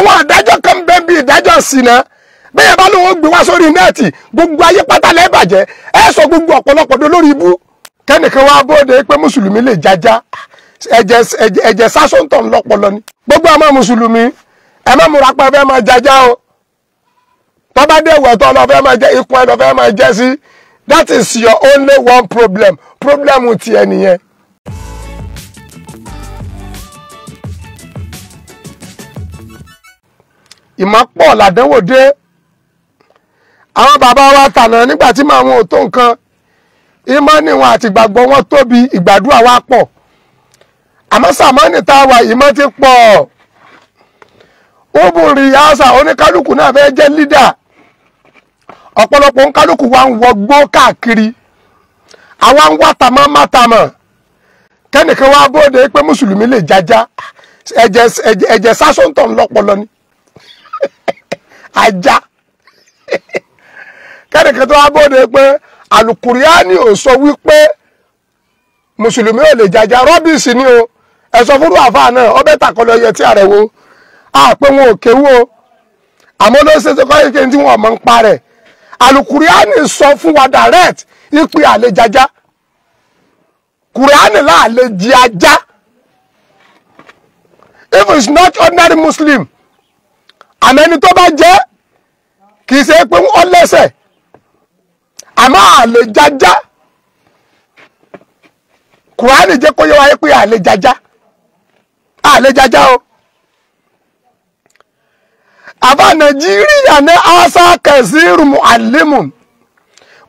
àwọn àdájọ́ kan bẹ́ẹ̀ bí ìdájọ́ ṣìnà bẹ́ẹ̀ bá lóun gbé wá sórí nẹ́ẹ̀tì gbogbo ayé pátá lẹ́bàjẹ́ ẹ sọ gbogbo ọ̀pọ̀lọpọ̀ dó lórí ibú kẹ́nìkan wá bóde pé mùsùlùmí lè jájá ẹ̀jẹ̀ sásóńtọ̀ ńlọpọlọ ni gbogbo àmọ́ mùsùlùmí ẹ má múra pé ẹ fẹ́ máa jájá o tó bá dé ìwẹ̀ tó lọ fẹ́ máa jẹ ikùn ẹ lọ fẹ́ máa jẹ sí that is your only one problem problem ti ẹ nìyẹn ìmọ̀pọ̀ làdánwò dé àwọn bàbá wa tànà nígbà tí màá wọn ò tó nǹkan ìmọ̀ni wọn àti ìgbàgbọ́ wọn tóbi ìgbàdúrà wa pọ̀ àmọ́ sàmọ́nì tá a wà ìmọ̀ ti pọ̀ ubùnrin yasa oníkálukú náà fẹ́ jẹ́ lídà ọ̀pọ̀lọpọ̀ oníkálukú wa ń wọgbó káàkiri àwa ń wá tàmọ́ má tàmọ́ kẹ́nìkan wá bóde pé mùsùlùmí lè jájá ẹ̀jẹ̀ sásóńtọ̀ ńlọpọlọ ni. Aja! ajá kẹ́nìkan tó wá bóde pé alukuriani ò sọ wípé mùsùlùmí ò lè jàjà rọ́bìsì ni o ẹ sọ fúru àfa náà ọbẹ̀ tàkọlọ yẹ tí ààrẹ wo a pé wọn ò kéwú o àmọ́ ló ṣe ṣe kọ́ yìí kí n tí wọn mọ̀ ń pa rẹ̀ alukuriani sọ fún wa direct ipe àlejàjá kùránì láàlejì ajá if it's not ordinary muslim àmẹ́ni tó bá jẹ́ kì í ṣe pé wọ́n lẹ́sẹ̀ àmọ́ àlè jájá kùránì jẹ́ kó yẹ wáyé pé àlè jájá àlè jájá o àbá nàìjíríà ní asa kẹsìrì mu'allimun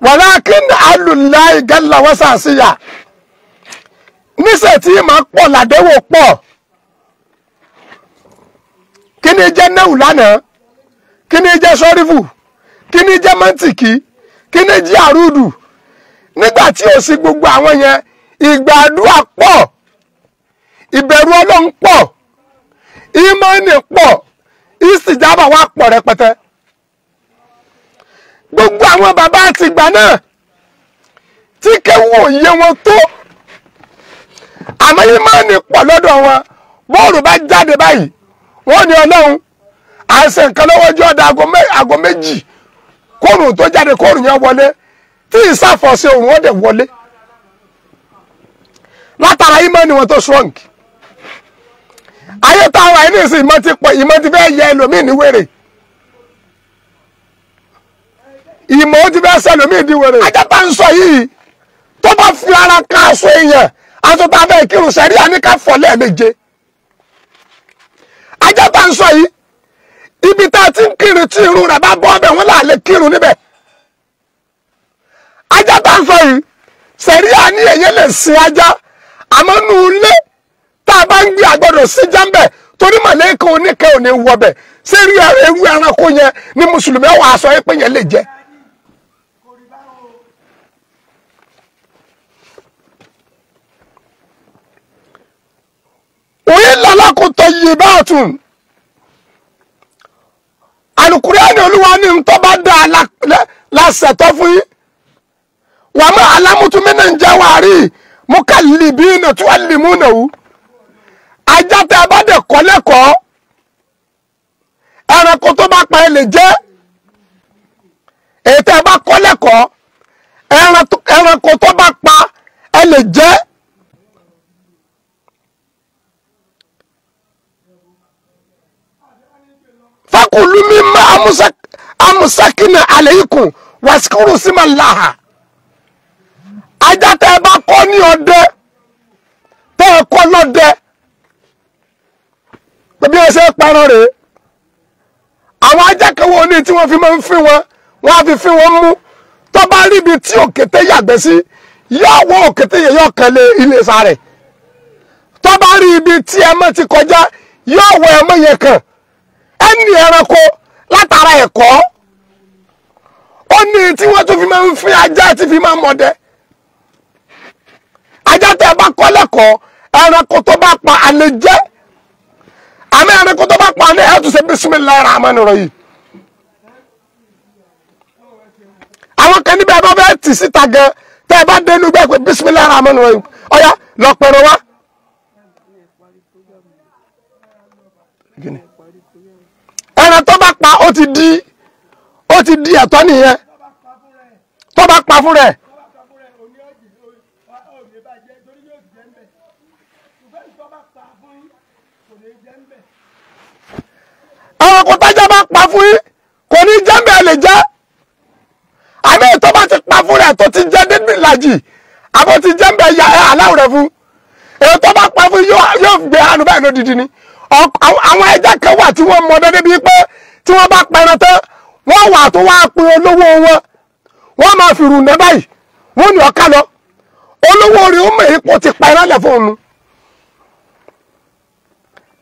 walakin alùláì gẹ́lá wọ́sàsíyà níṣẹ́ tí màá pọ̀ làdéwò pọ̀ kí ni jẹ́ nẹ́wù lánàá kí ni jẹ́ sọ́rífù kí ni jẹ́ mọ́ntìkì kí ni jẹ́ àrúdù nígbà tí ò sí gbogbo àwọn yẹn ìgbà àdúrà pọ̀ ìbẹ̀rù ọlọ́run ìmọ̀ọ́nì pọ̀ ìsìjábà wa pọ̀ rẹpẹtẹ gbogbo àwọn bàbá àtìgbà náà tí kéwù òye wọn tó àmọ́ ìmọ̀ọ́nì pọ̀ lọ́dọ̀ wọn bóòrù bá jáde báyìí wọ́n ni ọlọ́run à ń ṣe nǹkan lọ́wọ́ ọjọ́ ọ̀dà méjì kóòrùn tó jáde kóòrùn yẹn wọlé tí òun wọlé látara ni wọ́n tó strong ayé táwọn àìní ìsìn ti pọ̀ ìmọ̀ ti fẹ́ yẹ ẹlòmíì ní wèrè ìmọ̀ ti fẹ́ ṣe ẹlòmíì ní wèrè ajá ń sọ yìí tó fi ara kan aṣọ èèyàn aṣọ tá a kírun ní ká tá ń sọ ibi ti wọn ajá tá ń sọ èyí lè sin ajá nù tá a bá ń gbé àgbọ̀dọ̀ sí jámbẹ̀ torí màlẹ́kà oníkẹ́ ò ní wọbẹ̀ ẹranko yẹn ni mùsùlùmí ọ̀wọ́ aṣọ ẹ̀pẹ́ yẹn lè jẹ. alukurani olúwa ní ntọ́ bá dá lásẹ̀tọ́ fún yín wà má alámútúmí náà ń jẹ́ wàárí mú ká lìbí iná tí wọ́n lì mú nàwó ajá tẹ ẹ bá dẹ̀ kọ́ lẹ́kọ̀ọ́ ẹranko tó bá pa ẹ lè jẹ́ èyí tẹ ẹ bá kọ́ lẹ́kọ̀ọ́ ẹranko tó bá pa ẹ lè jẹ́. fakulu mimma amusak amusakina aleikum wasikuru simalaha ajá tẹ ẹ bá kọ́ ní ọdẹ tẹ ẹ kọ́ lọ́dẹ bí ẹ ṣe parọ́ rèé àwọn ajá kan wo ní tí wọ́n fi máa ń fín wọn wọ́n á fi fín wọn mú tó bá rí ibi tí òkété yàgbẹ́ sí yóò wọ òkété yẹn yóò kan lé ilé sa rẹ̀ tó bá rí ibi tí ti kọjá yóò wọ ẹmọ yẹn kàn ẹni ẹranko látara ẹ̀kọ́ ó ní tí wọ́n tún fi máa ń fi ajá tí fi máa ń mọdẹ ajá tẹ ẹ bá kọ́ lẹ́kọ̀ọ́ ẹranko tó bá pa àlè jẹ́ àmì ẹranko tó bá pa àlè ẹ̀ tún ṣe bismillahir rahmanir rahim. àwọn kan níbẹ̀ bá bẹ́ẹ̀ tì síta gan tẹ́ ẹ bá dénú gbẹ́ pé bismillahir rahmanir rahim ọ̀yá lọ́pẹ̀rẹ̀ wá. Gini ẹran tó bá pa ó ti di ó ti di ẹ̀tọ́ nìyẹn tó bá pa fún rẹ̀. ẹranko tájá bá pa fún yín kò ní jẹ́ńbẹ̀ lè jẹ́ àbí ètò bá ti pa fún rẹ̀ tó ti jẹ́ níbi ìlàjì àbọ̀ ti jẹ́ńbẹ̀ ya aláwọ̀ rẹ̀ fún ètò bá pa fún yóò gbé hànú báyìí lódìdí ni. àwọn ẹja kan wà tí wọ́n mọ dédé bíi pé tí wọ́n bá pẹran tán wọ́n wà tó wá pin olówó wọn wọ́n máa fi rùn náà báyìí wọ́n ní ọ̀ká lọ olówó rẹ̀ ó ipò ti pẹran lẹ̀ fún un.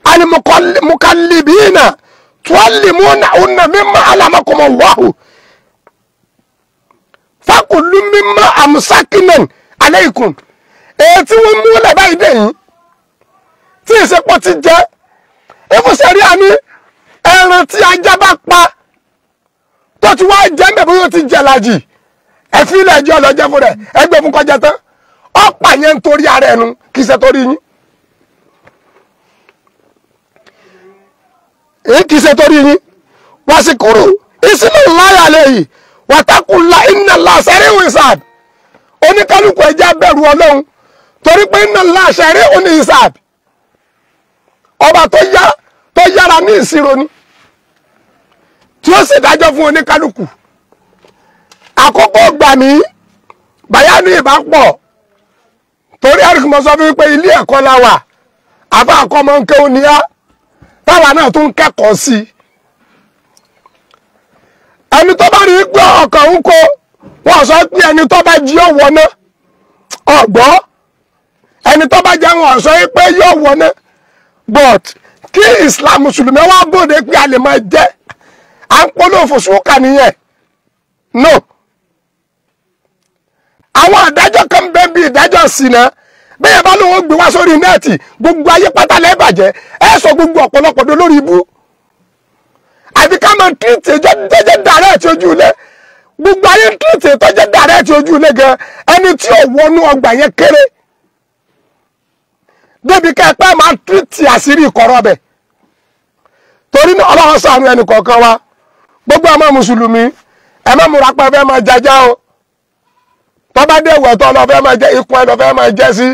alimukallibina tuallimuna una mimma alamakum Allahu fakulu mimma amsakinan aleikum èyí tí wọ́n mú lẹ̀ báyìí dẹ̀ yìí tí ìsepọ̀ ti jẹ́ ìfúnṣẹ́rí àní ẹran tí ajá bá pa tó ti wá jẹ́ mẹ́bí yóò ti jẹ làjì ẹ̀fín ilẹ̀ ẹjọ́ ọlọ́jẹ́ fún rẹ̀ ẹgbẹ́ fún kọjá tán ọ̀pá yẹn ń torí ara ẹnu kì í ṣe torí yín èyí kì í ṣe torí yín wá sí kúrò ìsinmi ńláyà lẹ́yìn wàtàkùnlá iná làṣẹrí wíṣàd oníkálukú ẹjẹ abẹ̀rù Ọlọ́run torí pé iná làṣẹrí oní ìṣàd ọba tó yá tó yára ní ìṣirò ni tí ó ṣèdájọ́ fún oníkálukú àkókò gbà mí bàyá ìbápọ̀ torí eric mo mi pé ilé ẹ̀kọ́ la wà àbá àkọ́mọ ń kéwọn níyà táwa náà tún kẹ́kọ̀ọ́ sí i ẹni tó bá rí i pé ọkàn ń kó wọn sọ pé ẹni tó bá jí ọwọ́ náà ọ̀gbọ́ ẹni tó bá jẹun ọ̀sọ́ pé yóò wọ́n náà but kí islam mùsùlùmí wá bòde pé a lè máa jẹ́ à ń polówó sùúkà no awon adajo kan bẹ́ẹ̀ bí ìdájọ́ ṣìnà be bá lówó gbé wá sórí nẹ́ẹ̀tì gbogbo ayé pátá lẹ́bàjẹ́ ẹ sọ gbogbo ọ̀pọ̀lọpọ̀ gbogbo je gan débi ká ẹ pẹ́ máa tìrìtì àṣírí ìkọ̀rọ̀ bẹ̀ torí náà ọlọ́run ṣàánú ẹnì kọ̀ọ̀kan wa gbogbo ọmọ mùsùlùmí ẹ má múra pé ẹ fẹ́ máa jájá o tó bá dé ìwẹ̀ tó fẹ́ máa jẹ ikùn ẹ̀ lọ fẹ́ máa jẹ sí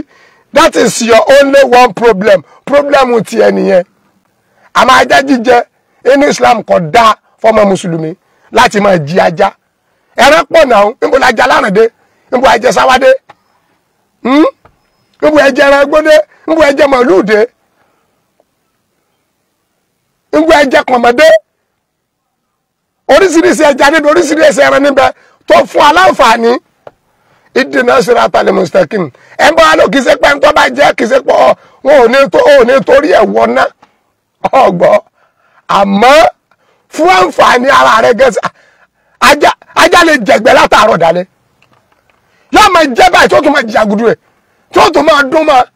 that is your only one problem problem ti ẹ nìyẹn àmọ́ ajá jíjẹ inú Islam kò daa fọmọ mùsùlùmí láti máa jí ajá ẹran pọ̀ náà ń bọ̀ lájà lánàá dé ń bọ̀ dé. nbọ ẹjẹ ẹran gbọdẹ nbọ ẹjẹ màlúùdẹ nbọ ẹjẹ kọmọdé oríṣiríṣi ẹja níbi oríṣiríṣi ẹran níbẹ̀ tó fún aláǹfààní ìdènà àtàlẹ bá wọn ò ní tó ò ní fún àǹfààní ara rẹ ajá lè yóò máa báyìí tó tún máa tí ó tó máa dún máa